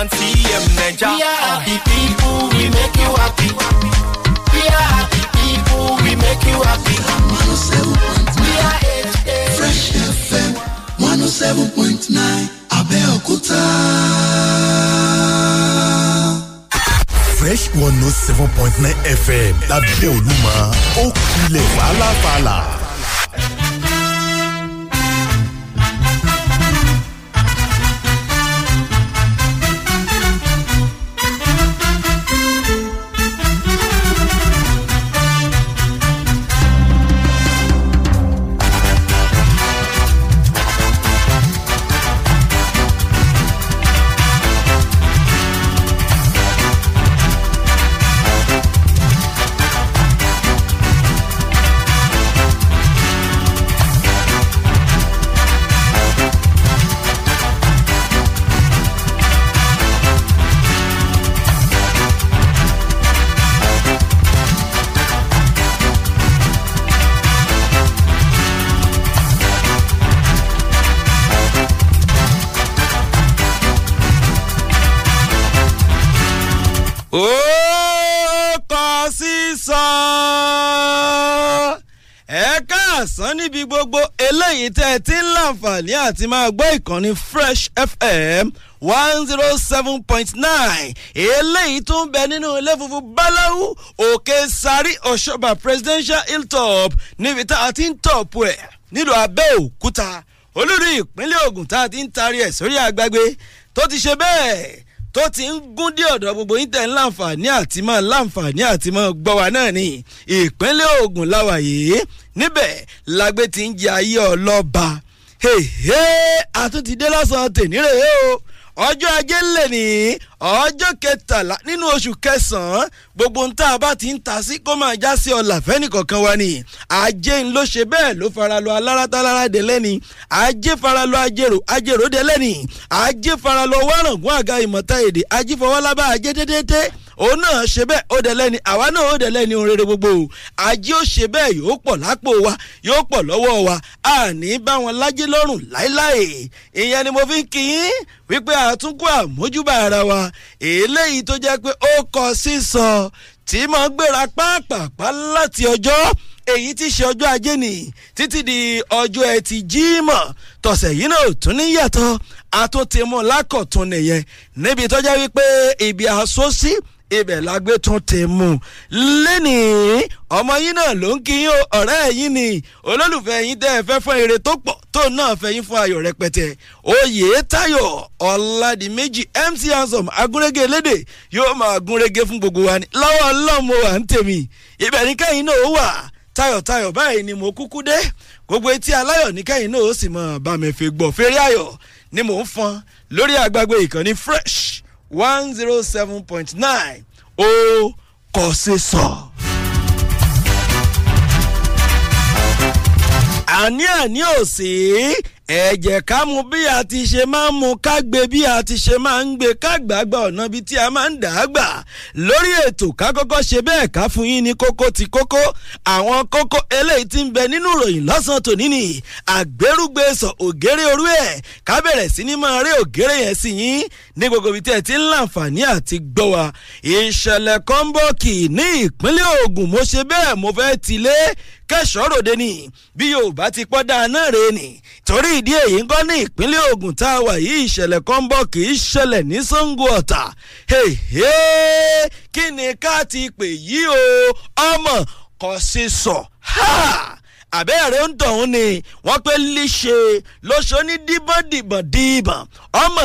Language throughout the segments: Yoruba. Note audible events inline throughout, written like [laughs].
and CM Niger. We are happy people, we make you happy. We are happy people, we make you happy. We are HA. Fresh FM 107.9 Abel Abeokuta. Fresh 107.9 FM lábẹ́ Olúmọ ó kulẹ̀ fàlàfàlà. lẹ́yìn tẹ́ ẹ ti ń láǹfààní àti máa gbọ́ ìkànnì fresh fm one zero oh seven point nine eléyìí tó ń bẹ nínú ilé funfun báláwú òkè sáré ọ̀ṣọ́bà presidential hilltop níbi tá a ti ń tọ̀pù ẹ̀ nílùú abẹ́òkúta olórí ìpínlẹ̀ ogun tá a ti ń taari ẹ̀ sórí àgbàgbé tó ti ṣe bẹ́ẹ̀ tó ti ń gún dé ọ̀dọ̀ gbogbo yín tẹ̀ ń láǹfààní àti máa láǹfààní àti máa gbọ́ wa náà ni ìpínlẹ̀ Ògùn láwà yìí níbẹ̀ lágbé ti ń jẹ ayé ọlọ́ba àtúntì dé lọ́sàn-án tèmírè o ọjọ́ ajé lè ní ọjọ́ kẹtàlá nínú oṣù kẹsàn-án gbogbo ń tá a bá ti ń ta sí kó máa já sí ọ̀la fẹ́nìkọ̀kan wa ni ajé ń ló ṣe bẹ́ẹ̀ ló fara lọ aláratálára dé lẹ́ni ajé fara lọ ajérò ajérò dé ajé fara lọ wárangún àga ìmọ̀ta èdè ajé fọwọ́lábá ajé dédédé òun náà ṣe bẹ́ẹ̀ ó dẹ̀ lẹ́ni àwa náà ó dẹ̀ lẹ́ni ohun rere gbogbo o ajé ó ṣe bẹ́ẹ̀ yóò pọ̀ lápò wa yóò pọ̀ lọ́wọ́ wa àní bá wọn lájẹ́ lọ́rùn láéláé ìyẹn ni mo fi ń kí yín wípé àtúnkù àmójúbà ara wa eléyìí tó jẹ́ pé ó kọ sísọ tí mo gbéra pápápá láti ọjọ́ èyí tí ṣe ọjọ́ ajé nì títí di ọjọ́ ẹtì jímọ̀ tọ̀sẹ̀ yìí náà tún níyàtọ̀ àtúntìmọ̀ lákọ̀tún nìyẹn níbi tọ́já wípé ibi àsosí ibẹ̀ la gbé tún ti mú lẹ́nì ọmọ yín náà ló ń kí yín o ọ̀rẹ́ yín ni olólùfẹ́ yín tẹ́ ẹ fẹ́ fún èrè tó pọ̀ tó náà fẹ́ yín fún ayọ̀ rẹpẹtẹ oyè tayo ọ̀làdìmẹ́jì mc hansom agúnrégé lédè yóò máa gúnrégé fún gbogbo wa ni lọ́wọ́ ọlọ́mọ wa ń tèmi ibẹ̀ ní kẹ́yìn náà ó wà tayọ̀tayọ̀ báyìí ni mo kúkú dé gbogbo etí aláyọ̀ ní kẹ́yìn náà ó sì mọ̀ bá mi fi gbọ̀ fèrè ayọ̀ ni mò ń fọn lórí àgbàgbé ìkànnì fresh one zero seven point nine ó kò ṣe sọ. àní àní ò sí ẹ jẹ́ ká mu bí a ti ṣe máa ń mu ká gbé bí a ti ṣe máa ń gbé ká gbàgbà ọ̀nà bíi tí a máa ń dà á gbà lórí ètò ká kọ́kọ́ ṣe bẹ́ẹ̀ ká fún yín ní kókó ti kókó àwọn kókó eléyìí ti ń bẹ nínú ìròyìn lọ́sàn-án tòní ni àgbérúgbe sọ ògèrè orú ẹ̀ ká bẹ̀rẹ̀ sí ní máa rí ògèrè yẹn sí yín ní gbogbo ibi tí ẹ ti ń láǹfààní àti gbọ́ wa ìṣẹ̀lẹ̀ kọ́ńbọ̀kì ní ìpínlẹ̀ Ògùn mo ṣe bẹ́ẹ̀ mo fẹ́ tilé kẹsànròde ni bí yorùbá ti pọ́ dáa náà rè ni torí ìdí èyí ń ní ìpínlẹ̀ ogun tá a wà yìí ìṣẹ̀lẹ̀ kan kì í ṣẹlẹ̀ ní sango ọ̀tà kí ni ká ti pè yí o ọmọ kò sí sọ àbẹ́rẹ́ ń ni wọ́n pé líṣe ní ọmọ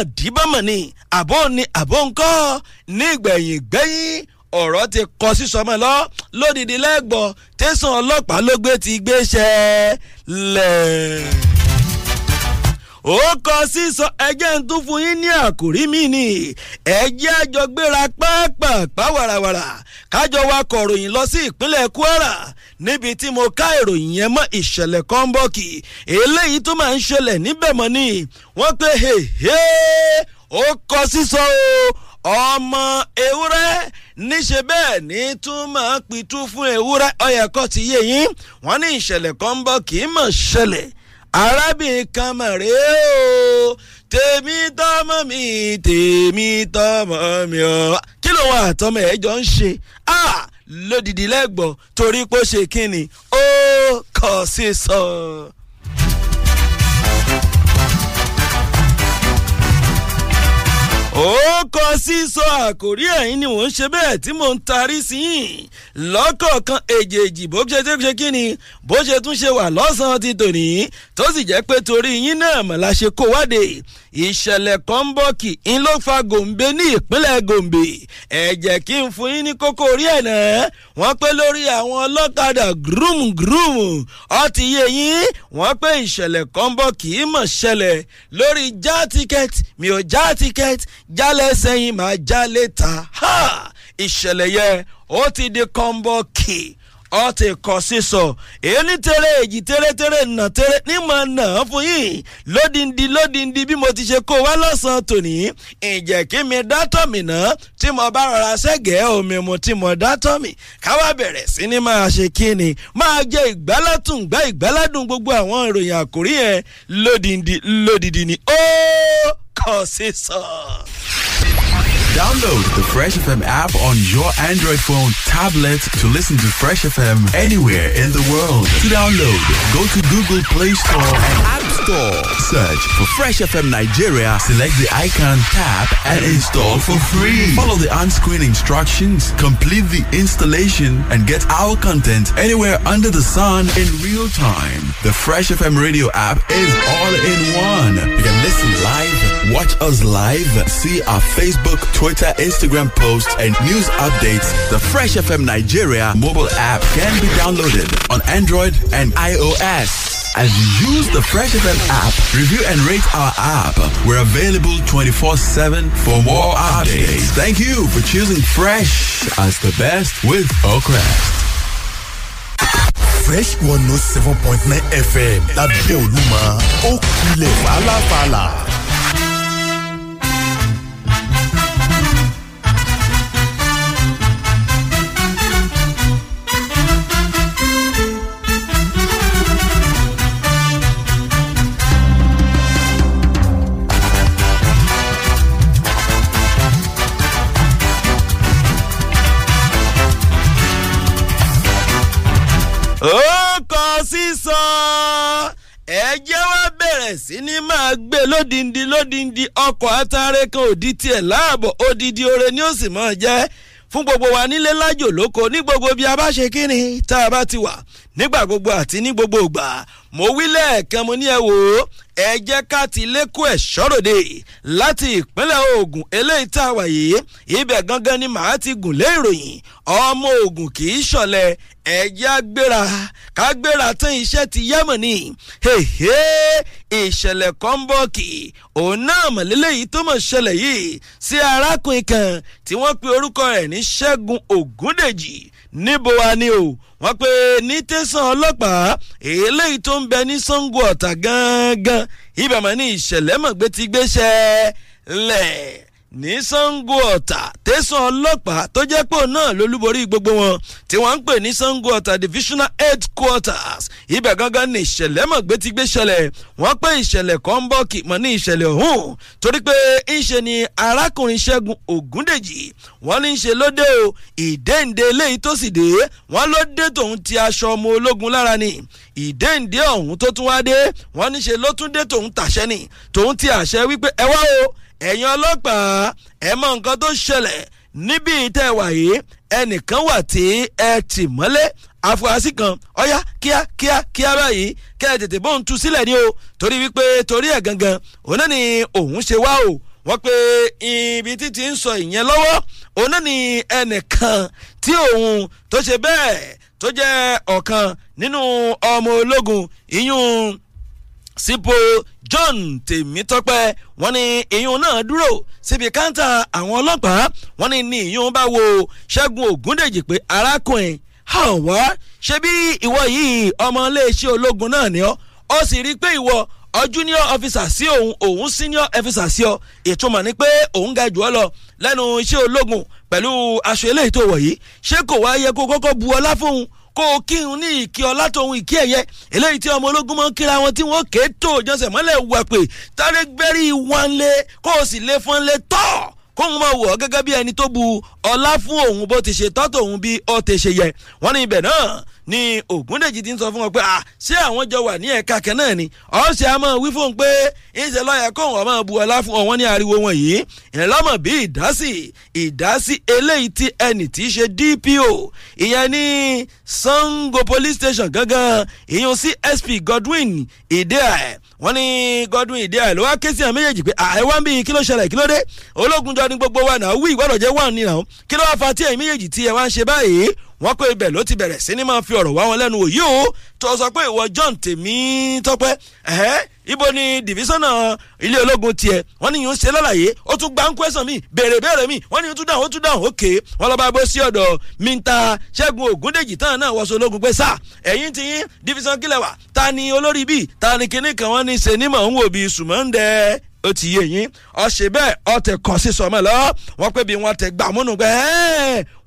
ni ni ọ̀rọ̀ ti kọ sísọmọ lọ lódìdí lẹ́gbọ̀ọ́ tẹ̀sán ọlọ́pàá ló gbé ti gbéṣẹ́ lẹ̀. ó kọ sísọ ẹjẹ́ ń tún fún yín ní àkòrí mi ni ẹjẹ́ àjọ gbéra pàápàá wàràwàrà kájọ wa kọ̀ròyìn lọ sí ìpínlẹ̀ Kwara níbi tí mo ká ìròyìn yẹn mọ́ ìṣẹ̀lẹ̀ kan bọ́ kì eléyìí tó máa ń ṣẹlẹ̀ níbẹ̀ mọ́ ni wọ́n pé ó kọ sísọ o ọmọ ewúrẹ́ níṣe bẹ́ẹ̀ ní túmọ̀ pitú fún ewúrẹ́ ọ̀yẹ̀kọ́ ti yé yín wọ́n ní ìṣẹ̀lẹ̀ kan ń bọ̀ kì í mọ̀ ṣẹlẹ̀ arábìnrin kan mọ̀ rèé o tèmi tọmọ mi tèmi tọmọ mi ọ kí ló wà àtọmọ ẹ jọ ń ṣe lódìdí lẹ́gbọ̀ọ́ torí pé ó ṣe kí ó kọ̀ sí sọ. ó kọ sísọ àkórí ẹ̀yìn ni mò ń ṣe bẹ́ẹ̀ tí mò ń tarí sí i lọ́kọ̀ọ̀kan èjèèjì bó ṣe tún ṣe kí ni bó ṣe tún ṣe wà lọ́sàn ti tòní tó sì jẹ́ pé torí yín náà mọ̀ la ṣe kó wáde ìṣẹ̀lẹ̀ kan ń bọ̀ kì í ló fa gòǹbé ní ìpínlẹ̀ gòǹbé ẹ jẹ́ kí n fún yín ní kókó orí ẹ̀ náà wọ́n pé lórí àwọn ọlọ́kadà gúrùmù gúrùmù ọtí yé yín wọ́n pé ìṣẹ̀lẹ̀ kan mọ̀ ṣẹlẹ̀ lórí já tíkẹ́ẹ̀tì mi ò já tíkẹ́ẹ̀tì jálẹ̀ sẹ́yìn máa já lẹ́ta ìṣẹ̀lẹ̀ yẹ ó ti di kọ́ńbọ̀ ọtí kọ sísọ èyí ní tẹ́lẹ̀ èjì tẹ́lẹ̀ tẹ́lẹ̀ nà tẹ́lẹ̀ nímọ̀ nà án fún yìí lódìndí lódìndí bí mo ti ṣe kó wá lọ́sàn-án tòní ìjẹ́ kí mi dátọ̀ mi ná tí mo bá rọra ṣẹ́gẹ̀ẹ́ omi mu tí mo dátọ̀ mi káwá bẹ̀rẹ̀ sí ni máa ṣe kí ni máa jẹ ìgbálátùn gbá ìgbáládùn gbogbo àwọn ìròyìn àkórí yẹn lódìndí lódìndí ni ó kọ sísọ. Download the Fresh FM app on your Android phone, tablet to listen to Fresh FM anywhere in the world. To download, go to Google Play Store and App store. Search for Fresh FM Nigeria, select the icon, tap, and install for free. Follow the on screen instructions, complete the installation, and get our content anywhere under the sun in real time. The Fresh FM radio app is all in one. You can listen live, watch us live, see our Facebook, Twitter, Instagram posts, and news updates. The Fresh FM Nigeria mobile app can be downloaded on Android and iOS and use the Fresh FM app. Review and rate our app. We're available 24 7 for more updates. Thank you for choosing Fresh as the best with Oakrest. Fresh 107.9 FM, lábẹ́ Olúmọ, ó kulẹ̀ fàlàfàlà. lódìndí lódìndí ọkọ̀ atare kan òdi tiẹ̀ láàbọ̀ odidi oore ni ó sì mọ̀ jẹ́ fún gbogbo wa nílé lájò lóko ní gbogbo bí a bá ṣe kíni tá a bá ti wà nígbà gbogbo àti ní gbogbo ìgbà mo wí lẹ́ẹ̀kan mo ní ẹ wò ó ẹ jẹ́ ká ti lẹ́kọ̀ọ́ ẹ̀ sọ́rọ̀dẹ̀ láti ìpínlẹ̀ ogun eléyìí tá a wà yìí ibẹ̀ gangan ni màá ti gùn lé ìròyìn ọmọ ogun kì í ṣọlẹ̀ ẹ̀jẹ̀ agbéra kágbéra tán iṣẹ́ ti yámọ̀ni hehe ìṣẹ̀lẹ̀ kan bọ̀ kì òun náà mọ̀lélẹ́ yìí tó mọ̀ ṣẹlẹ̀ yìí sí arákùnrin kan tí wọ́n pe orúkọ rẹ̀ ní ṣẹ́gun ògúndèjì níbo wa ni o wọ́n pe ní tẹ̀sán ọlọ́pàá eléyìí tó ń bẹ ní sango ọ̀tà gangan ibẹ̀ mọ̀ ní ìṣẹ̀lẹ̀ mọ̀gbẹ́tìgbẹ́sẹ̀ lẹ̀ ní sango ọ̀tà tẹ̀sán ọlọ́pàá tó jẹ́ pé òun náà lolúborí gbogbo wọn tí wọ́n ń pè ní sango divisional headquarters ibẹ̀ gangan ní ìṣẹ̀lẹ̀ mọ̀gbé ti gbé ṣẹlẹ̀ wọ́n pé ìṣẹ̀lẹ̀ kan ń bọ̀ kì mọ́ ní ìṣẹ̀lẹ̀ ọ̀hún torí pé ń ṣe ni arákùnrin ṣẹ́gun ògúndèjì wọ́n ní ń ṣe lóde o ìdéǹde eléyìí tó sì dé wọ́n ló dé tòun ti aṣọ ọmọ ológun lára ni ìdéǹde ọ̀hún tó tún wá dé wọ́n ní ṣe ló tún dé tòun tàṣẹ ni tòun ti àṣẹ wípé ẹ wá o ẹ̀yin ọlọ́pàá ẹ̀ mọ nǹkan tó ṣẹlẹ̀ níbi ìtẹ́ wà yìí ẹnìkan wà tí ẹ tì mọ́lé àfúrásì kan ọ̀yá kíá kíá kíá báyìí kẹ́ ẹ tètè bóun tú sílẹ̀ ni o torí wípé torí ẹ̀ gangan òun náà ni òun ṣe wá o wọ́n pe ibi títí ń sọ ìyẹn lọ́wọ́ òun ni ẹnìkan tí òun tó ṣe bẹ́ẹ̀ tó jẹ́ ọ̀kan nínú ọmọ ológun ìyún sípò john tèmítọ́pẹ́ wọ́n ní ìyún náà dúró síbi káńtà àwọn ọlọ́pàá wọ́n ní ní ìyún bá wo ṣẹ́gun ògúndèjì pé arákùnrin àwọ̀ ṣé bí ìwọ yìí ọmọ iléeṣẹ́ ológun náà ni ọ́ ó sì rí i pé ìwọ ọ junior officer sí òun òun senior officer sí ọ ìtumọ̀ ni pé òun ga jù ọ lọ lẹ́nu iṣẹ́ ológun pẹ̀lú aṣọ eléyìí tó wọ̀ yìí ṣé kò wá yẹ kó kọ́kọ́ bu ọlá fóun kó o kírun ní ìkí ọlá tòun ìkí ẹ̀yẹ eléyìí tí ọmọ ológun máa ń kíra wọn tí wọ́n ké tó jọ́sẹ̀ mọ́lẹ̀ wẹ̀pẹ̀ tàbí wọn lé kó o sì lé fún lé tọ́ kóun máa wọ̀ gẹ́gẹ́ bí ẹni tó bu ọlá fún òun bó ti ṣe tọ́tò òun bí ó ti ṣe yẹ wọ́n ní ibẹ̀ náà ni Ògúndèjì ti ń sọ fún wọn pé à ṣé àwọn jọ wà ní ẹ̀ka kan náà ni ọ̀sẹ̀ àmọ́ wí fún un pé ìṣe lọ́yẹ̀ kó wọn máa bu ọlá fún wọn ní ariwo wọn yìí ìrìnlọ́mọ̀ bí ìdásí ìdásí eléyìí tí ẹnì tí í ṣe DPO ìyẹn ní Sango police station gangan ìyún SP Godwin Ideah wọ́n ní Godwin Ideah ló wá ké sí àwọn méjèèjì pé àìwá ń bí kí ló ṣẹlẹ̀ kí ló dé ológun jọ ni gbogbo wa náà wí ìgbọ́dọ̀ jẹ́ wà nínú kí ló wá fa tí ẹ̀yin méjèèjì tí ẹ wá ń ṣe báyìí wọ́n pé ibẹ̀ ló ti bẹ̀rẹ̀ sí ni máa fi ọ̀rọ̀ wá wọn lẹ́nu òyì o tó sọ pé ìwọ John tèmi tọ́pẹ́ ẹ̀hẹ́ ibo ni divisọ́nà ilé ológun tiẹ̀ wọ́n ní yóò ṣe lálàyé ó tún gba ń kwẹ́sàn mi béèrè béèrè mi wọ́n ní yóò tún dáhùn ó tún dáhùn òkè wọ́n lọ́ba bó sí ọ̀dọ̀ Mr. Ṣẹ́gun Ògúndèjì tán náà wọ́sọ ológun pé sá ẹ̀yìn ti yín divisọ́n kílẹ̀ wà ta ni olórí bíi ta ni kinní kan wọ́n ní ṣe nímọ̀ ń wò bíi sùmọ́ ń dẹ́ ó ti yé yín ọ̀sẹ̀ bẹ́ẹ̀ ọ̀tẹ̀ kàn sí sọmọ lọ wọ́n pé bí wọ́n tẹ̀ gbà múnú pé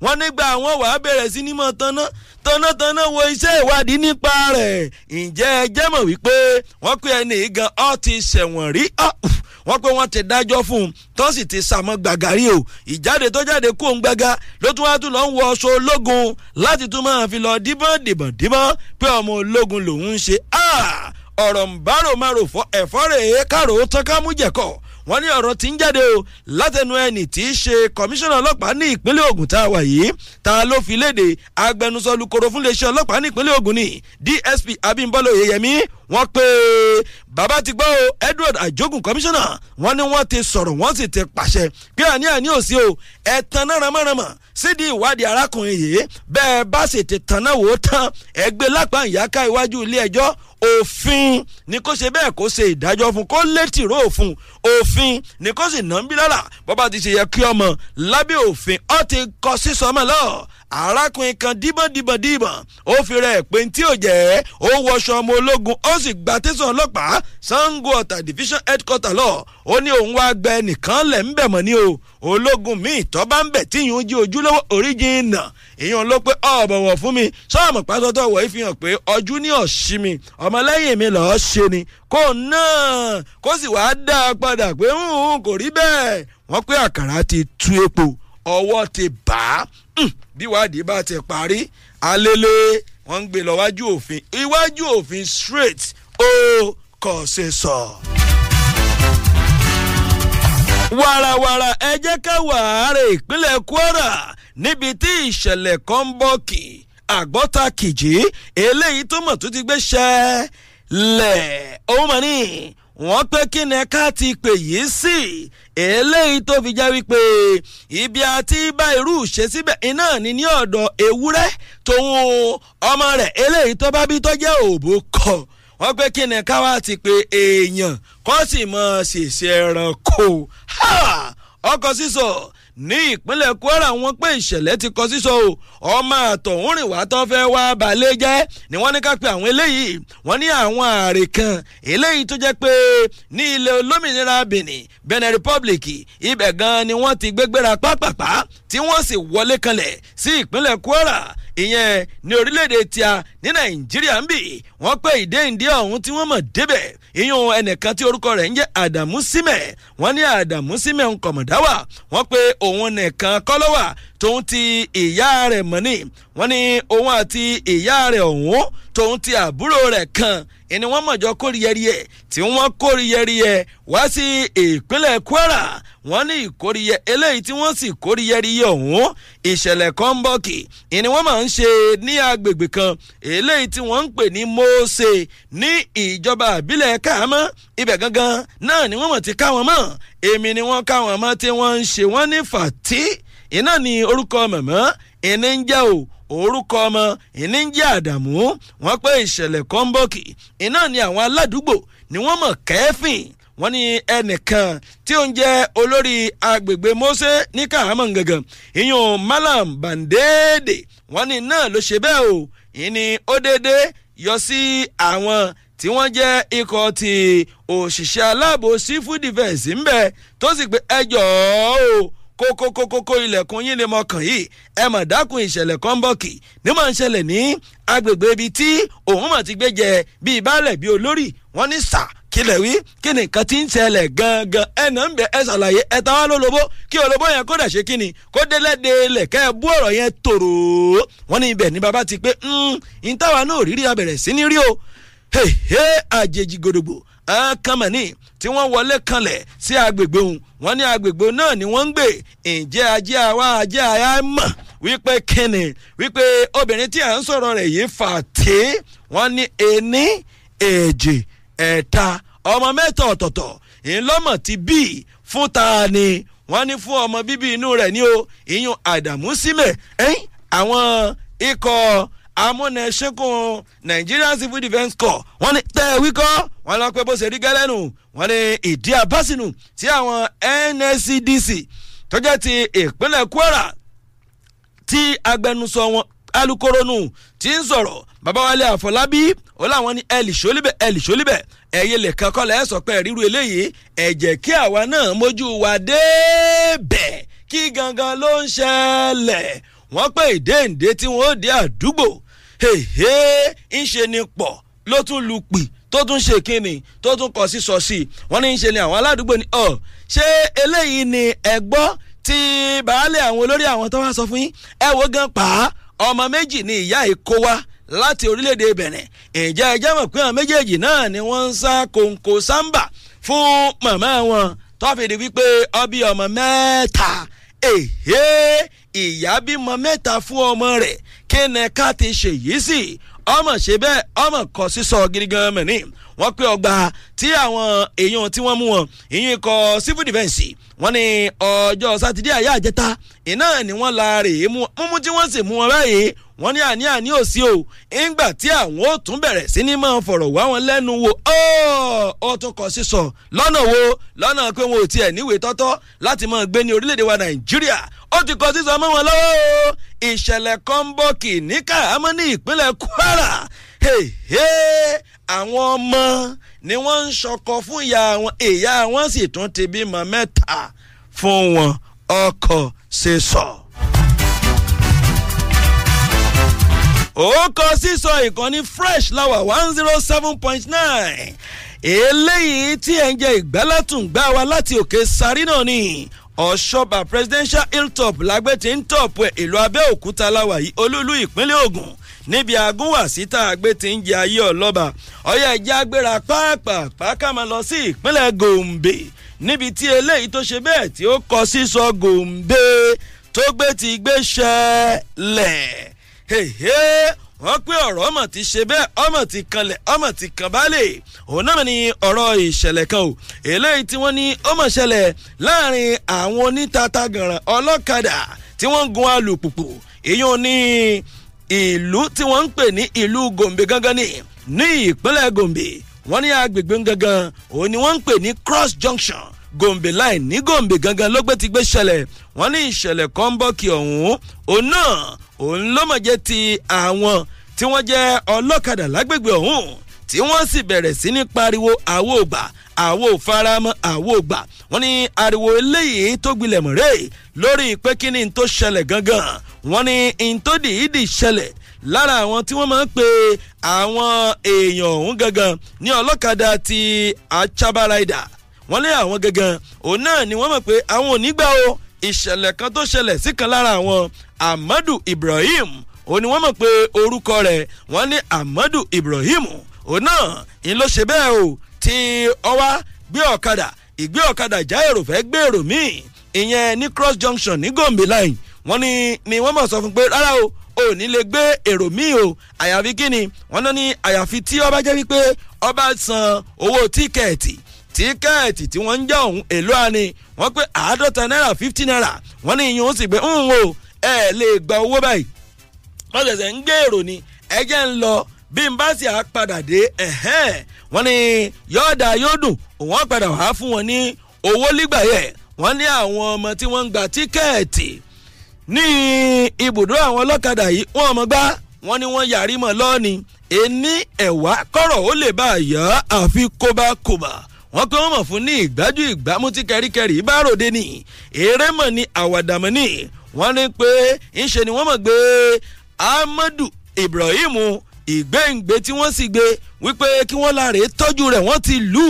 wọ́n nígbà wọn wàá bẹ̀rẹ̀ sí ní mọ̀ tanná tannátanná wo iṣẹ́ ìwádìí nípa rẹ̀ ǹjẹ́ ẹ jẹ́ mọ̀ wípé wọ́n pé ẹni gan ọ́ ti ṣẹ̀wọ̀n rí wọ́n pé wọ́n ti dájọ́ fún un tó sì ti sàmọ́ gbàgàrí o ìjáde tó jáde kó ń gbàgà ló tún wá tún lọ ń wọ aṣọ ológun láti tún máa fi lọ díbọn dìbọn díbọn pé ọmọ ológun lòún ń ṣe ọ̀rọ̀ ń bá rò máa rò fọ́ ẹ̀fọ́ rèé kárò ó tán ká mú jẹ̀kọ̀ wọ́n ní ọ̀rọ̀ tí ń jáde o látẹnu ẹni tí í ṣe kọmíṣánná ọlọ́pàá ní ìpínlẹ̀ Ògùn tá a wà yìí ta ló fi léde agbẹnusọ olùkóró fún iléeṣẹ́ ọlọ́pàá ní ìpínlẹ̀ Ògùn ni DSP Abímbọ́lá Oyèyẹmí wọ́n pé bàbá ti gbọ́ o Edward Ajogun kọmíṣánná wọ́n ní wọ́n ti sọ̀rọ̀ wọ́n sì ti pàṣẹ pé àní àní ò sí o ẹ̀ tan náà ramọ́ramọ́ sídìí ìwádìí arákùnrin yìí bẹ́ẹ̀ bá sì ti tan náà wò ó tán ẹgbẹ́ lápá ìyáká iwájú ilé ẹjọ́ òfin ni kó ṣe bẹ́ẹ̀ kó ṣe ìdájọ́ fún kó létí ró fún òfin ní kó sì ná ń bí lọ́la bọ́bá ti ṣe yẹ kí ọmọ lábẹ́ òfin ọ ti kọ sísọ mọ́ lọ́ọ̀ arákùnrin kan díbọ̀díbọ̀díbọ̀n ó fi rẹ̀ pé tí ò jẹ́ ó wọṣọ ọmọ ológun ó sì gba tẹ̀sán ọlọ́pàá sango ọ̀tà division headquarter lọ ó ní òun wá gba ẹnìkan lẹ̀ ń bẹ̀ mọ́ ni o ológun míì tọ́ bá ń bẹ̀ tí ìyún jí ojúlówó oríjìnà ìyún ló pé ọ̀bọ̀wọ̀ fún mi sọ́ọ̀mù pásọ̀tọ̀ wọ̀ ìfihàn pé ọjú ní ọ̀sí mi ọmọlẹ́yìn mi lọ́ọ́ ṣe ni kó náà kó sì wáá dá a padà pé hùn kò rí bẹ́ẹ̀ wọ́n pé àkàrà ti tú epo ọwọ́ ti bà á hmm, bí wádìí bá ti parí alẹ́lẹ́ wọ́n ń gbé lọ wájú òfin iwájú òfin straight ó kò ṣe sọ. wàràwàrà ẹ jẹ́ ká wàhálà ìpínlẹ̀ Kwara níbi tí ìṣẹ̀lẹ̀ kan ń bọ̀ kì àgbọ́ta kìjì eléyìí tó mọ̀ tó ti gbé ṣẹ́ lẹ̀ òun mọ̀ ní wọ́n pé kí ni ká ti pè yìí sí eléyìí tó fi jẹ́ wípé ibi àti bá irú ṣe síbẹ̀ iná ni ní ọ̀dọ̀ ewúrẹ́ tòun ọmọ rẹ̀ eléyìí tó bá bí tó jẹ́ òbò kọ̀ wọ́n pé kí ni ká wá ti pè èèyàn kó sì mọ̀ ṣèṣe ẹranko ọkọ̀ sísọ ní ìpínlẹ̀ Kwara wọ́n pé ìṣẹ̀lẹ̀ ti kọ sísọ o ọmọ àtọ̀hún rìn wá tó fẹ́ wá balẹ̀ jẹ́ ni wọ́n ní ká pe àwọn eléyìí wọ́n ní àwọn ààrẹ kan eléyìí tó jẹ́ pé ní ilẹ̀ olómìnira Benin Benin Republic ibẹ̀ gan ni wọ́n ti gbégbéra pápápá tí wọ́n sì wọlé kanlẹ̀ sí ìpínlẹ̀ Kwara ìyẹn ní orílẹ̀-èdè tíá ní nàìjíríà ń bì wọ́n pé ìdéǹdé ọ̀hún tí wọ́n mọ̀ débẹ̀ ìyún ẹnìkan tí orúkọ rẹ̀ ń jẹ́ àdàmú símẹ̀ wọ́n ní àdàmú símẹ̀ ń kọ̀mọ̀dá wà wọ́n pé òun nìkan kọ́ ló wà tòun ti ìyá rẹ̀ mọ̀ ni wọ́n ní òun àti ìyá rẹ̀ ọ̀hún tòun ti àbúrò rẹ̀ kan ẹni wọ́n mọ̀jọ kórìyẹrìyẹ tí wọ́n kórìyẹrìyẹ wá sí ìpínlẹ̀ kwara wọ́n ní ìkórìyẹ eléyìí tí wọ́n sì kórìyẹrìyẹ ọ̀hún ìṣẹ̀lẹ̀ kọ́ńbọ̀kì ìní wọ́n máa ń ṣe ní agbègbè kan eléyìí tí wọ́n ń pè ní mose ní ìjọba àbílẹ̀ káàmọ́ ibẹ̀ gangan náà ni wọ́n mọ̀ ti ká wọn mọ́ èmi ni wọ́n ká wọn mọ́ tí wọ́n ń ṣe wọ́n ní fàtí iná ni orúkọ mọ̀mọ́ ìní ń jẹ́ o orúkọ ọmọ ìní ń jẹ́ àdàmú wọ́n pé ìṣẹ̀lẹ̀ kọ́ńbọ̀kì iná ni àwọn aládùúgbò ni wọ́n mọ̀ kẹ́fìn wọ́n ní ẹnìkan tí ó ń jẹ́ olórí agbègbè mose ní karamọ́ gangan ìyún malam bandede wọ́n ní náà ló ṣe bẹ́ẹ̀ o ìní ó déédéé yọ sí àwọn tí wọ́n jẹ́ ikọ̀ ti òṣìṣẹ́ aláàbò sífù dìfẹ̀sì ń bẹ̀ tó sì pé ẹjọ́ o kókókókókó ilẹ̀kùn yín lè mọ kàn yìí ẹ mọ̀ dákun ìṣẹ̀lẹ̀ kan bọ̀ kì ní máa ń ṣẹlẹ̀ ní agbègbè ibi tí òun mọ̀ ti gbé jẹ bíi baálẹ̀ bíi olórí wọ́n ní sà kílẹ̀ wí kí ni nǹkan ti ń ṣẹlẹ̀ gangan ẹnà ń bẹ ẹ ṣàlàyé ẹ ta wá lólobó kí olobó yẹn kó dẹ̀ ṣe kí ni kó délẹ̀ délẹ̀ kẹ́ ẹ bú ọ̀rọ̀ yẹn tòrò wọ́n ní ibẹ̀ ni bàbá ti pé ń hmm, táwa náà rírí abẹ̀rẹ̀ sí ní rí o àjèjì gòdògbò kànmọ́nì tí wọ́n wọlé kanlẹ̀ sí agbègbè òun wọ́n ní agbègbè náà ni wọ́n ń gbé ǹjẹ́ ajé àwa ajé àyà mọ̀ wípé kíni wípé obìnrin tí à ń sọ̀rọ̀ rẹ̀ yìí fà wọ́n ní ení èjì ẹ̀ta ọmọ mẹ́ta ọ̀tọ̀ọ̀tọ̀ ńlọ́mọ̀ ti bí fún ta ni wọ́n ní fún ọmọ bíbí inú rẹ̀ ní o ìyún àdàmú sílẹ̀ ẹ̀yìn àwọn ikọ̀ amúnẹ̀ṣẹ́kùn Nigerian Civil Defence Corps wọ́n ní tẹ́ ẹ wíkọ́ wọ́n lọ pé bó ṣe rí gẹ́lẹ́nu wọ́n ní ìdí abásínú tí àwọn NSCDC tó jẹ́ ti ìpínlẹ̀ Kwara ti agbẹnusọ wọn alukoro nù tí ń sọ̀rọ̀ babawale àfọlábí ó láwọn ní ẹlì ṣólíbẹ̀ ẹlì ṣólíbẹ̀ ẹ̀yẹ lẹ̀kan kọ́lẹ̀ ẹ̀ sọ pé ríru eléyìí ẹ̀ jẹ́ kí àwa náà mójú wa débẹ̀ kí gangan ló ń ṣẹlẹ̀ wọ́n pé ìdéǹdé tí wọ́n ó dé àdúgbò hèhè ń ṣe ni pọ̀ ló tún lu pì tó tún ṣe kínni tó tún kọ sí sọ sí wọn ní í ṣe ni àwọn aládùúgbò ni ọ ṣé eléyìí ni ẹgbọ́ tí baálé àwọn olórí àwọn tó wá sọ fún yín ẹ wo gan pa ọmọ méjì ni ìyá èkó wá láti orílẹ̀-èdè Benin ìjẹ́ ẹjẹ́ mọ̀ pé àwọn méjèèjì náà ni wọ́n ń sá kòǹkò sáńbà fún màmá wọn tọ́fìdí wípé ọbí ọmọ mẹ́ta èhé ìyá bímọ mẹ́ta fún ọmọ rẹ̀ kí ni ká ti ṣèyí sí ọmọ ṣe bẹ́ẹ̀ ọmọ kọ sísọ gidi gan mẹ́ni wọ́n pé ọgbà tí àwọn èèyàn tí wọ́n mú wọn ìyẹn kọ civil defence wọ́n ní ọjọ́ sátidé àyà àjẹta iná ni wọ́n la rèé mú mú tí wọ́n sì mú wọn báyìí wọ́n ní àní àní ò sí o ńgbà tí àwọn ó tún bẹ̀rẹ̀ sí ní máa fọ̀rọ̀ wá wọn lẹ́nu wò ó tún kọ sísọ lọ́nà wo lọ́nà pé wọn ò tiẹ̀ níwèé tọ́tọ́ láti máa gbé ní orílẹ̀-èdè wa nàìjíríà ó ti kọ sísọ mọ́ wọn lọ́wọ́ ìṣẹ̀lẹ̀ kan ń bọ̀ kì ní kàámọ́ ní ìpínlẹ̀ kwara àwọn ọmọ ni wọ́n ń ṣọkọ fún ìyá wọn ìyá wọn sì tún ti bímọ mẹ́ta fún wọn ọkọ̀ ṣe sọ. ó kọ sísọ ìkànnì fresh lawa one zero seven point nine eléyìí tí ẹ̀ ń jẹ ìgbálátùngbà wa láti òkè sáré náà ni ọ̀ṣọ́bà presidential hilltop lágbé ti ń tọ̀pù ẹ̀ ìlú abẹ́òkúta láwà yìí olúlu ìpínlẹ̀ ogun níbi agúnwàsí tá a gbé ti ń jẹ ayé ọlọ́ba ọ̀yà ìjà agbéra pàápàá ká lọ sí ìpínlẹ̀ gombe níbi tí eléyìí tó ṣe bẹ́ẹ̀ tí ó kọ sísọ gombe tó gbé ti gbé ṣẹlẹ̀ wọ́n pé ọ̀rọ̀ ọmọ ti ṣe bẹ́ẹ̀ ọmọ ti kanlẹ̀ ọmọ ti kan bálẹ̀ òun náà ni ọ̀rọ̀ ìṣẹ̀lẹ̀ kan o eléyìí tí wọ́n ní ọmọ ṣẹlẹ̀ láàrin àwọn onítata gànràn ọlọ́kadà tí wọ́n ń gun alùpùpù èyàn ní ìlú tí wọ́n ń pè ní ìlú gombe gangan ni ní ìpínlẹ̀ gombe wọ́n ní agbègbè gangan òun ni wọ́n ń pè ní cross junction gòǹbè láì ní gòǹbè gangan ló gbé ti gbé ṣẹlẹ̀ wọ́n ní ìṣẹ̀lẹ̀ kan ń bọ́ kí ọ̀hún òun náà òun ló mọ̀ jẹ́ ti àwọn tí wọ́n jẹ́ ọlọ́kadà lágbègbè ọ̀hún tí wọ́n sì bẹ̀rẹ̀ sí ní pariwo àwo ògbà àwo òfaramọ́ àwo ògbà wọ́n ní ariwo eléyìí tó gbilẹ̀ mọ̀rẹ́ lórí pé kí ni n tó ṣẹlẹ̀ gangan wọ́n ní n tó dìídì ṣẹlẹ̀ lára àwọn tí wọ́n máa ń pe àwọn èèyàn ọ̀hún gangan ní ọlọ́kadà ti achabaraida wọ́n lé àwọn gangan òun náà ni wọ́n mọ̀ pé àwọn ò gbà o ìṣẹ̀lẹ̀ kan tó ṣẹlẹ̀ sí kan lára àwọn Ahmadu Ibrahim òun ni wọ́n mọ̀ pé orúkọ rẹ̀ wọ́n ní Ahmadu Ibrahim òun náà ń lọ ṣe bẹ́ẹ̀ o ti ọwá gbé ọ̀kadà ìgbé ọ̀kadà já èrò fẹ́ gbé èrò míì ìyẹn ní cross junction ní Gombe line wọ́n ní ni wọ́n mọ̀ sọ fún pé rárá o ò ní lè gbé èrò míì o àyàfi kí ni wọ́n náà ní àyàfi tí ọba jẹ́ wípé ọba san owó tíkẹ́ẹ̀tì tíkẹ́ẹ̀tì tí wọ́n ń já òun èlò àní wọ́n pé àádọ́ta náírà fifty naira wọ́n ní ìyẹn ó sì gbé ń o ẹ lè gba owó báyìí wọ́n ṣẹ̀ṣẹ̀ ń gbé èrò ni ẹ jẹ́ ń lọ bí n bá sì á padà dé ẹ̀hẹ́n wọ́n ní yọ̀ọ̀dà yóò dùn òun padà wá fún wọn ní owó lígbà yẹ wọ́n ní àwọn ọmọ tí wọ́n ń gba tíkẹ́ẹ̀tì ní ibùdó àwọn ọlọ́kadà yìí wọ́n mọ̀ gbá wọ́n ní wọ́n yàrí mọ̀ lọ́ọ̀ni ení ẹ̀wá kọ̀rọ̀ ó lè bá a yọ àfi kóbákóbá wọ́n pé wọ́n mọ̀ fún ní ìgbájú ìgbámú tí kẹríkẹrí bá ròde ni eré mọ̀ àwàdàmọ́ ni wọ́n ní pé ńṣe ni wọ́n mọ̀ gbé amadu ibrahim ìgbéǹgbé tí wọ́n sì gbé wípé kí wọ́n láre tọ́jú rẹ̀ wọ́n ti lù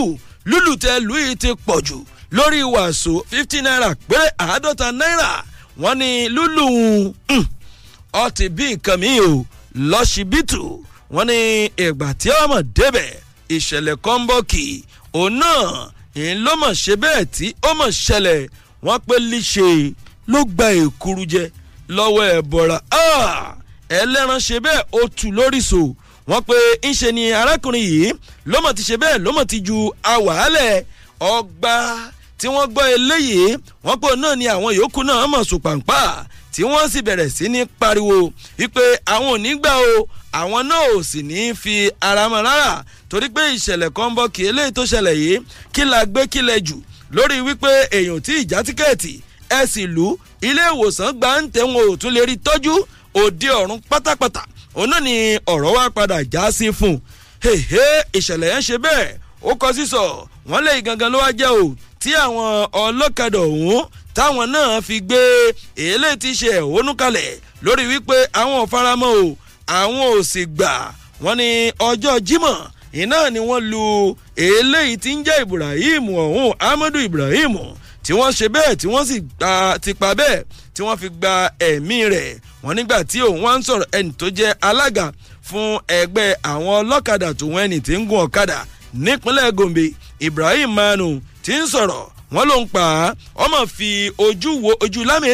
lùlù tẹ lù yìí ti pọ̀ jù lórí wàásù fifty naira péré àádọ́ta naira wọ́n ní lùlù ọtí hmm, bí nǹkan mi ò lọ́sibítù wọ́n ní ìgbà tí ọmọ débẹ̀ ìṣẹ̀lẹ̀ kan bọ́ kì í òun náà ń ló mọ̀ ṣe bẹ́ẹ̀ tí ó mọ̀ ṣẹlẹ̀ wọ́n pé líṣe ló gba èkúrú jẹ lọ́wọ́ ẹ̀ bọ̀ra ah! ẹlẹ́ran ṣe bẹ́ẹ̀ ó tù lórí so wọ́n pé ńṣe ni arákùnrin yìí ló mọ̀ ti ṣe bẹ́ẹ̀ ló mọ̀ ti ju awàálẹ̀ ọgbà tí wọ́n gbọ́ eléyìí wọ́n pé náà ni àwọn yòókù náà mọ̀ sùpàǹpà tí wọ́n sì bẹ̀rẹ̀ sí ní pariwo wípé àwọn ò ní gbà o àwọn náà ò sì ní í fi ara mọ́ rárá torí pé ìṣẹ̀lẹ̀ kan ń bọ̀ kí eléyìí tó ṣẹlẹ̀ yìí kí la gbé kí lẹ jù lórí wípé èèyàn tí ìjà tíkẹ́ẹ̀tì ẹ sì lù ilé ìwòsàn gba ń tẹ̀ wọn ò tún lè rí tọ́jú òde ọ̀run pátápátá òun náà ni ọ̀rọ̀ wa padà já sí fún un ìṣẹ̀lẹ̀ yẹn ṣe bẹ́ẹ̀ ó kọ sísọ wọ́n lé ìgangan ló wá jẹ́ o tí àwọn ọlọ́kadà ọ̀hún táwọn náà fi gbé èlé ti ṣe ẹ̀hónú kalẹ̀ lórí wípé àwọn ò faramọ́ o àwọn ò sì gbà wọ́n ní ọjọ́ jimoh iná ni wọ́n lu eléyìí tí ń jẹ́ ibrahim ọ̀hún amadu ibrahim tí wọ́n ṣe bẹ́ẹ̀ tí wọ́n sì ti pa bẹ́ẹ̀ tí wọ́n fi gba ẹ̀mí rẹ̀ wọ́n nígbà tí òun wá ń sọ̀rọ̀ ẹni tó jẹ́ alága fún ẹgbẹ́ àwọn ọlọ́kadà tòun ẹni tí ń gun ọ̀kadà nípínlẹ̀ gombe ibrahim manu ti ń sọ̀rọ̀ wọ́n ló ń pa á ọmọ fi ojú wo ojú lámì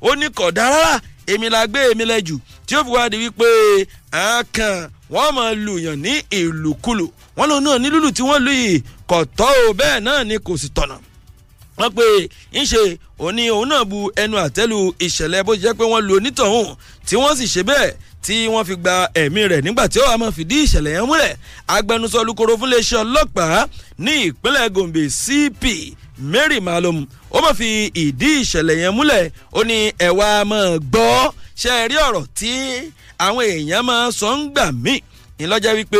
ó ní kọ̀ dára èmi la gbé èmi lẹ́jù tí ó fi wá di wípé àákàn wọ́n máa lùyàn ní ìlùkulù wọ́n lòun náà ní lùlù tí wọ́n lù yìí kò tọ́ o bẹ́ẹ̀ náà ni kò sì tọ̀nà wọ́n pe ń ṣe òní òun náà bu ẹnu àtẹ́lu ìṣẹ̀lẹ̀ bó jẹ́ pé wọ́n lu onítọ̀hún tí wọ́n sì ṣe bẹ́ẹ̀ tí wọ́n fi gba ẹ̀mí rẹ̀ nígbà tí ó wà máa fìdí ìṣẹ̀lẹ̀ yẹn múlẹ̀ agbẹnusọ olùkóró fún ọlọ́pàá ní ìpínlẹ̀ gombe cp mary malum ó máa fi ìdí ìṣẹ̀lẹ̀ yẹn múlẹ̀ ó ní ẹ̀wà máa gbọ́ ṣe é rí ọ̀rọ̀ tí àwọn èèyàn máa sọ ń gbà mí ìlọ́jẹ́ wípé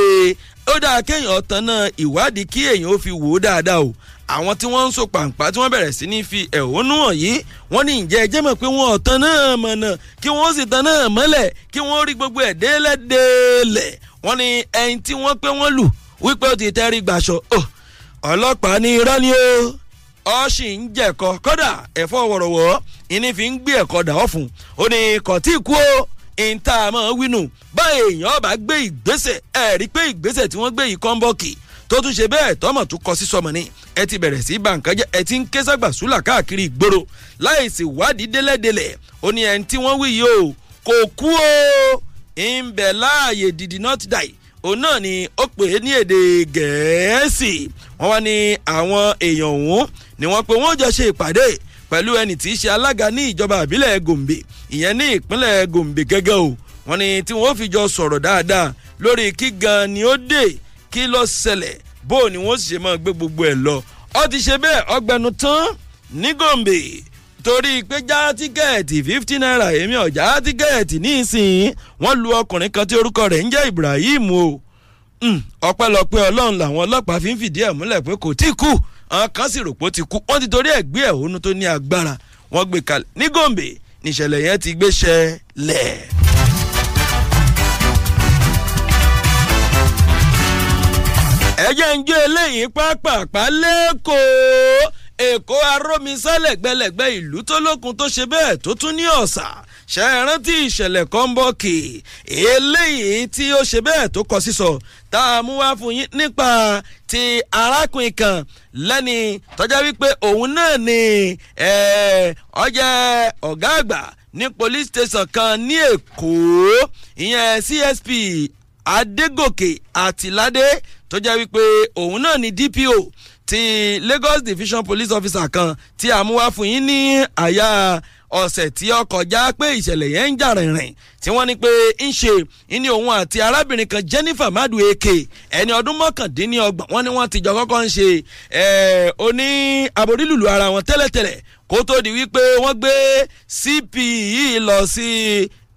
ó dáa kéèyàn tán náà ìwádìí kí èèyàn ó fi wò ó dáadáa o àwọn tí wọ́n ń so pàǹpá tí wọ́n bẹ̀rẹ̀ sí ní fi ẹ̀hónú hàn yìí wọ́n ní ìjẹ́ ẹjẹ́ mọ̀ pé wọ́n ọ̀tán náà mọ̀nà kí wọ́n sì tán náà mọ́lẹ̀ kí wọ́n rí gbogbo ẹ̀ délẹ̀délẹ̀ wọ́n ní ẹni tí wọ́n pé wọ́n lù wípé ó ti tẹ́rí gbàṣọ ọlọ́pàá ní irọ́ ni o. Oh, ọ̀sìn ń jẹ̀kọ kọ́dà ẹ̀fọ́ wọ̀rọ̀wọ̀ ìní fi ń gbé ẹ̀kọ́ dà ọ́ fún un ó ní kọ̀tí kú ó ìta àmọ́ wínú báyìí èèyàn bá gbé ìgbésẹ̀ ẹ̀ rí pé ìgbésẹ̀ tí wọ́n gbé yìí kọ́ńbọ̀kì tó tún ṣe bẹ́ẹ̀ tọ́mọ̀ tún kọ sí sọmọ ni ẹ ti bẹ̀rẹ̀ sí bàǹkà jẹ́ ẹ ti ń ké sàgbà súlà káàkiri ìgboro láì sì wádìí délẹ̀délẹ̀ ó ní ẹni tí wọ́n wí yìí o kò kú o ń bẹ̀ láàyè dìdì not die òun náà ni ó pè é ní èdè gẹ̀ẹ́sì wọ́n wá ní àwọn èèyàn òun ni wọ́n pe wọ́n jọ ṣe ìpàdé pẹ̀lú ẹni tí í ṣe alága ní ìjọba àbílẹ̀ gombe ìyẹn ní ìpínlẹ̀ gombe gẹ́gẹ́ o wọ́n ní tí wọ́n fi jọ sọ̀rọ̀ dáadáa lórí kí gan ni ó dé kí ló ṣẹlẹ̀ bó ni wọ́n sì ṣe máa gbé gbogbo ẹ̀ lọ ó ti ṣe bẹ́ẹ̀ ọgbẹnu tán ní gombe torí pé já tíkẹ́ẹ̀tì fifty naira èmi ọ̀já tíkẹ́ẹ̀tì nísìnyí wọ́n lu ọkùnrin kan tí orúkọ rẹ̀ ń jẹ́ Ibrahim o hmm, ọpẹ́lọpẹ́ Ọlọ́run làwọn ọlọ́pàá fi ń fìdí ẹ̀ múlẹ̀ pé kò tí kú àwọn kan sì rò pé ó ti kú wọ́n ti torí ẹ̀ gbé ẹ̀hónú tó ní agbára wọ́n gbé kalẹ̀ ní Gombe níṣẹ̀lẹ̀ yẹn ti gbé ṣẹlẹ̀. ẹ̀jẹ̀ ń jó eléyìí pápá pa lẹ́kọ̀ọ́ èkó arómisá lẹ́gbẹ̀lẹ́gbẹ̀ ìlú tó lókun tó ṣe bẹ́ẹ̀ tó tún ní ọ̀sà ṣe é rántí ìṣẹ̀lẹ̀ kan bọ́ kì eléyìí tí ó ṣe bẹ́ẹ̀ tó kọ sísọ tá a mú wá fún yín nípa ti arákùnrin kan lẹ́ni tọ́já wípé òun náà ni ọjẹ́ ọ̀gá àgbà ní police station kan ní èkó ìyẹn csp adégòkè àtìládé tó jẹ́ wípé òun náà ni dpo ti Lagos Division Police Officer kan ti a mú wá fún yín ní àyà ọ̀sẹ̀ tí ó kọjá pé ìṣẹ̀lẹ̀ yẹn ń jà rìnrìn tí wọ́n ní pé ń ṣe ní òun àti arábìnrin kan Jennifer Madu Eke ẹni ọdún mọ́kàndínlọ́gbọ̀n wọ́n ní wọ́n ti jọ kọ́kọ́ ń ṣe oní aborílùlù ara wọn tẹ́lẹ̀tẹ́lẹ̀ kó tó di wípé wọ́n gbé CPE lọ sí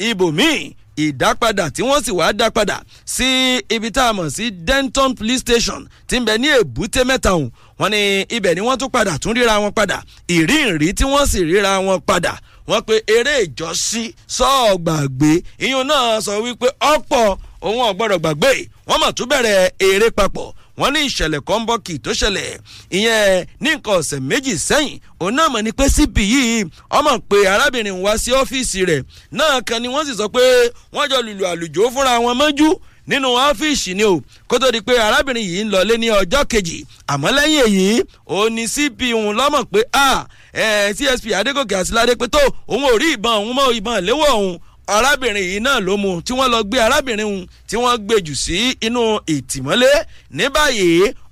ibòmíì ìdápadà tí wọ́n sì wáá dá padà sí ibi tá a mọ̀ sí denton police station tí ń bẹ ní èbúté mẹ́ta ọ̀hún wọ́n ní ibẹ̀ ni wọ́n tún padà tún ríra wọn padà ìrìnrì tí wọ́n sì ríra wọn padà wọ́n pe eré ìjọsí sọ́ọ̀gbàgbé iyún náà sọ wípé ọ̀pọ̀ òun ọ̀gbọ́dọ̀ gbàgbé wọ́n mọ̀ tún bẹ̀rẹ̀ eré papọ̀ wọ́n ní ìṣẹ̀lẹ̀ kọ́ńbọ́ọ̀kì tó ṣẹlẹ̀ ìyẹn ní nǹkan ọ̀sẹ̀ méjì sẹ́yìn òun náà mọ̀ ní pé síbi yìí ọmọ pé arábìnrin wá sí ọ́fíìsì rẹ̀ náà kan ni wọ́n sì sọ pé wọ́n jọ lùlù àlùjò fúnra wọn mọ́jú nínú ọ́fíìsì ni o kó tó di pé arábìnrin yìí ń lọlé ní ọjọ́ kejì àmọ́ lẹ́yìn èyí òun ni cp òun lọ́mọ̀ pé a csp adégòkè àti ládé pé tó òun ò rí ìbọn òun mọ́ ìbọn ìléwọ́ òun arábìnrin yìí náà ló mú tí wọ́n lọ gbé arábìnrin hun tí wọ́n gbé jù sí inú ìtìmọ́lé ní báyìí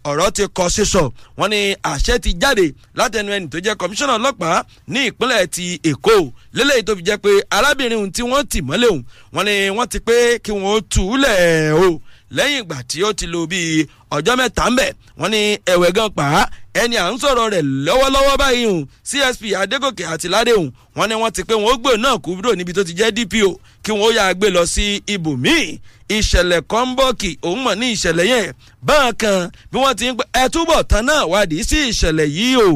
ọ̀rọ̀ ti kọ sísọ wọ́n ní àṣẹ ti jáde látẹnu ẹni tó jẹ́ kọmíṣánná ọlọ́pàá ní ìpínlẹ̀ ti èkó lélẹ́yìí tó fi jẹ́ pé arábìnrin hun tí wọ́n tì hun wọ́n ní wọ́n ti pé kí wọ́n tú u lẹ̀ o lẹ́yìn ìgbà tí ó ti lo bíi ọjọ́ mẹ́ta ń bẹ̀ wọ́n ní ẹ̀wẹ̀ gan pa á ẹni à ń sọ̀rọ̀ rẹ̀ lọ́wọ́lọ́wọ́ báyìí hùn csp adégòkè àti ládéhùn wọ́n ní wọ́n ti pé wọ́n ó gbé náà kúrò níbi tó ti jẹ́ dpo kí wọ́n ó yà gbé lọ sí ibòmíì ìṣẹ̀lẹ̀ kan ń bọ̀ kí òun mọ̀ ní ìṣẹ̀lẹ̀ yẹn báwọn kan bí wọ́n ti ń pẹ́ ẹ túbọ̀ tán náà wádìí sí ìṣẹ̀lẹ̀ yìí o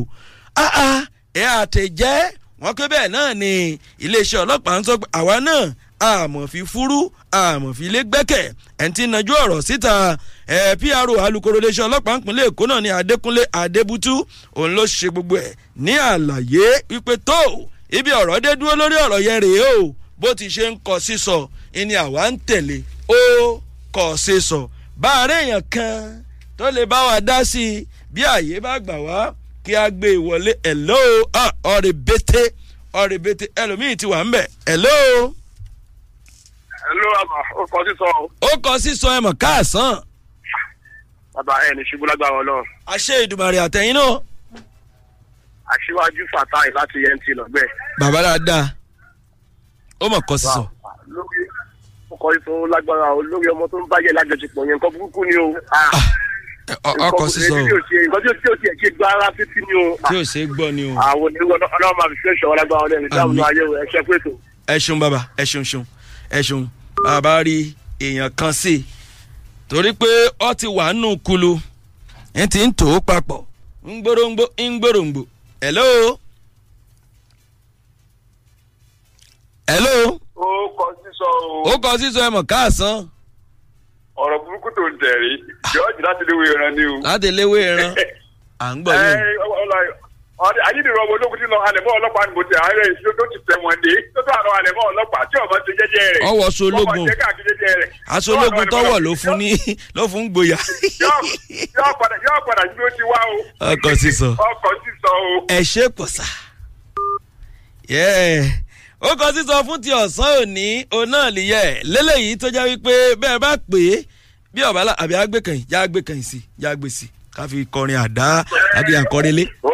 ẹ àtẹ̀jẹ́ wọ́n pé bẹ́ẹ̀ náà ni iléeṣẹ́ ọlọ́pàá ń sọ pé àwa náà àmọ̀ fi fúrú àmọ̀ fi lé gbẹ́kẹ̀ ẹni tí nàjú ọ̀rọ̀ síta ẹ̀ PRO alukoro iléeṣẹ́ ọlọ́pàá ìpínlẹ̀ Èkó náà ní Adékúnlé Adébútú òun ló ṣe gbogbo ẹ̀ ní àlàyé wípé tó ibi ọ̀rọ̀ dé dúró lórí ọ̀rọ̀ yẹn rèé o bó ti ṣe ń kọ sísọ ìní àwa ń tẹ̀lé ó kọ sísọ bá a rí èèyàn kan tó lè bá wa dá sí i bí àyè bá gbà wá kí a gbé ìwọlé e ẹ̀ lóo ah, ọ̀rẹ́bẹ̀tẹ̀ ọ̀rẹ́bẹ̀tẹ̀ ẹlòmíì ti wà ń bẹ̀ ẹ̀ lóo ló ó kọ sísọ o. ó kọ sísọ ẹ mọ̀ káàsán. bàbá ẹ ní ṣubú lágbára ọlọrun. àṣẹ ìdùmàrè àtẹ̀yìn náà. aṣíwájú fatai láti nt lọgbẹ. bàbá dáadáa ó mọ̀ kọ sísọ. lórí ó kọ sísọ lágbára o lórí ọmọ tó ń báyẹ̀ lájọṣepọ̀ yẹn nǹkan burúkú ni o ah, ah, ọkọ sísọ o. nǹkan tí o tiẹ̀ ṣe gbọ́ ara títí ni o. tí o ṣe gbọ́ ni o. Ah, àwọn onígbọ́ ọlọ́run máa fi ṣe ṣọ́wọ́n lágbára ọlọ́run ìdáhùn ayé o ẹ ṣe pé tó. ẹ ṣeun bàbá ẹ ṣeun ṣeun ẹ ṣeun. bàbá rí èèyàn kan sí i torí pé ó ti wà nù kulu ń ti ń tò ó papọ̀ ń gbòròǹgbò ń gbòròǹgbò hello. hello. ó kọ sísọ o. ó kọ sísọ ẹ mọ̀ káàsán ọ̀rọ̀ burúkú tó ń tẹ̀rí george láti léwé ẹran ni o. láti léwé ẹran à ń gbọ́ yẹn. [laughs] ayédèrèwọ̀ ológun ti lọ àlẹ̀mọ́ ọlọ́pàá ni mo ti àárẹ̀ ìṣó tó ti tẹ̀wọ̀n dé tó tó àlọ́ ọlọ́pàá tí ọmọ ti jẹ́jẹ́ rẹ̀. ọwọ́ aṣọ ológun tọwọ ló fún ní ló fún gboyà. yóò padà bí ó ti wá o. ọkọ sísọ ọkọ sísọ o. ẹ ṣe pọ̀sà. ó sísọ fún ti ọ̀sán òní òun náà nìyẹn lélẹ́yìí tó jẹ́ wípé bẹ́ẹ̀ bá pè é bí ọ̀bálà àbí àgbẹ̀kẹ̀yìn já àgbẹ̀kẹ̀yìn sí já àgbẹ̀ sí ká kọrin àdá àbí àkọrinlé. ó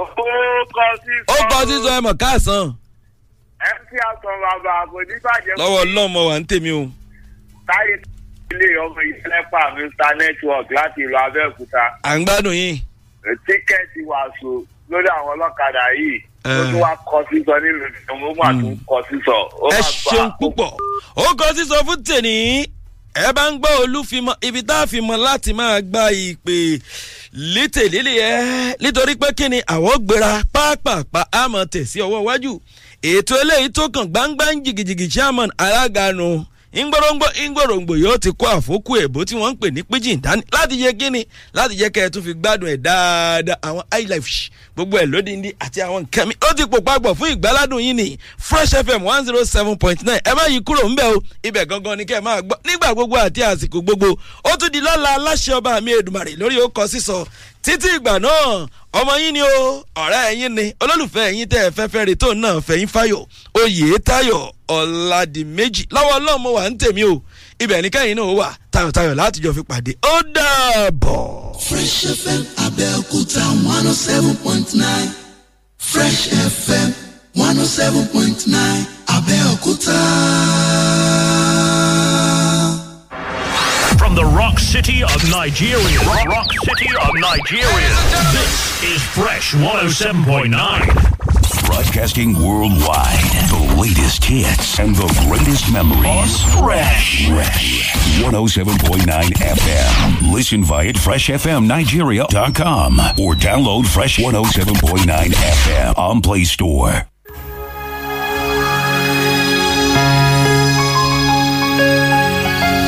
kọ sísọ. ó kọ sísọ ẹ mọ̀ káàsán. ẹ ń kí àtọ̀ bàbá kò ní bàjẹ́. lọ́wọ́ ọlọ́mọ wà ń tèmi o. táyé ilé ọmọ ìfẹ́lẹ́pà mr network láti ìlú abẹ́òkúta. à ń gbádùn yín. tíkẹ́ẹ̀tì wàásù lórí àwọn ọlọ́kadà yìí ó tún wá kọ sísọ nílùú ìdánwò mà tún mm. kọ sísọ. ẹ ṣeun púpọ̀ ó kọ sísọ fún tèmi ẹ bá ń gbọ́ olúfimọ́ ibi tá a fi mọ́ láti máa gba ìpè létèlélẹ̀ ẹ́ nítorí pé kí ni àwọn gbéra pápápá àmọ̀ tẹ̀ sí ọwọ́ iwájú ètò eléyìí tó kàn gbangba jìgìjìgì chairman aláganu. No ńgbòròǹgbò ńgbòròǹgbò yóò ti kó àfókù èbó tí wọ́n ń pè ní pidgin dání láti yẹ kíni láti yẹ kẹ́ ẹ tún fi gbádùn ẹ̀ dáadáa àwọn highlife gbogbo ẹ̀ lódìndín àti àwọn nǹkan mi ó ti pò papọ̀ fún ìgbáládùn yìí ní fresh fm one zero oh seven point nine ẹ má yí kúrò ńbẹ̀ o ibẹ̀ gangan ni kẹ́ ẹ máa gbọ́ nígbà gbogbo àti àsìkò gbogbo ó tún di lọ́la aláṣẹ ọba mi èdùmàrè lórí ó kọ sísọ títí ìgbà náà ọmọ yín ni o ọ̀rẹ́ yín ni olólùfẹ́ yín tẹ́ ẹ fẹ́fẹ́ tó náà fẹ̀yìn fáyọ̀ oyè táyọ̀ ọ̀làdìmẹ́jì lọ́wọ́ ọlọ́run mo wà ń tèmi o ibẹ̀ ní kẹ́yìn náà wà tayọ̀tayọ̀ láti jọ the rock city of Nigeria. Rock, rock city of Nigeria. This is Fresh 107.9. Broadcasting worldwide. The latest hits and the greatest memories. On Fresh. Fresh. 107.9 FM. Listen via freshfmnigeria.com or download Fresh 107.9 FM on Play Store.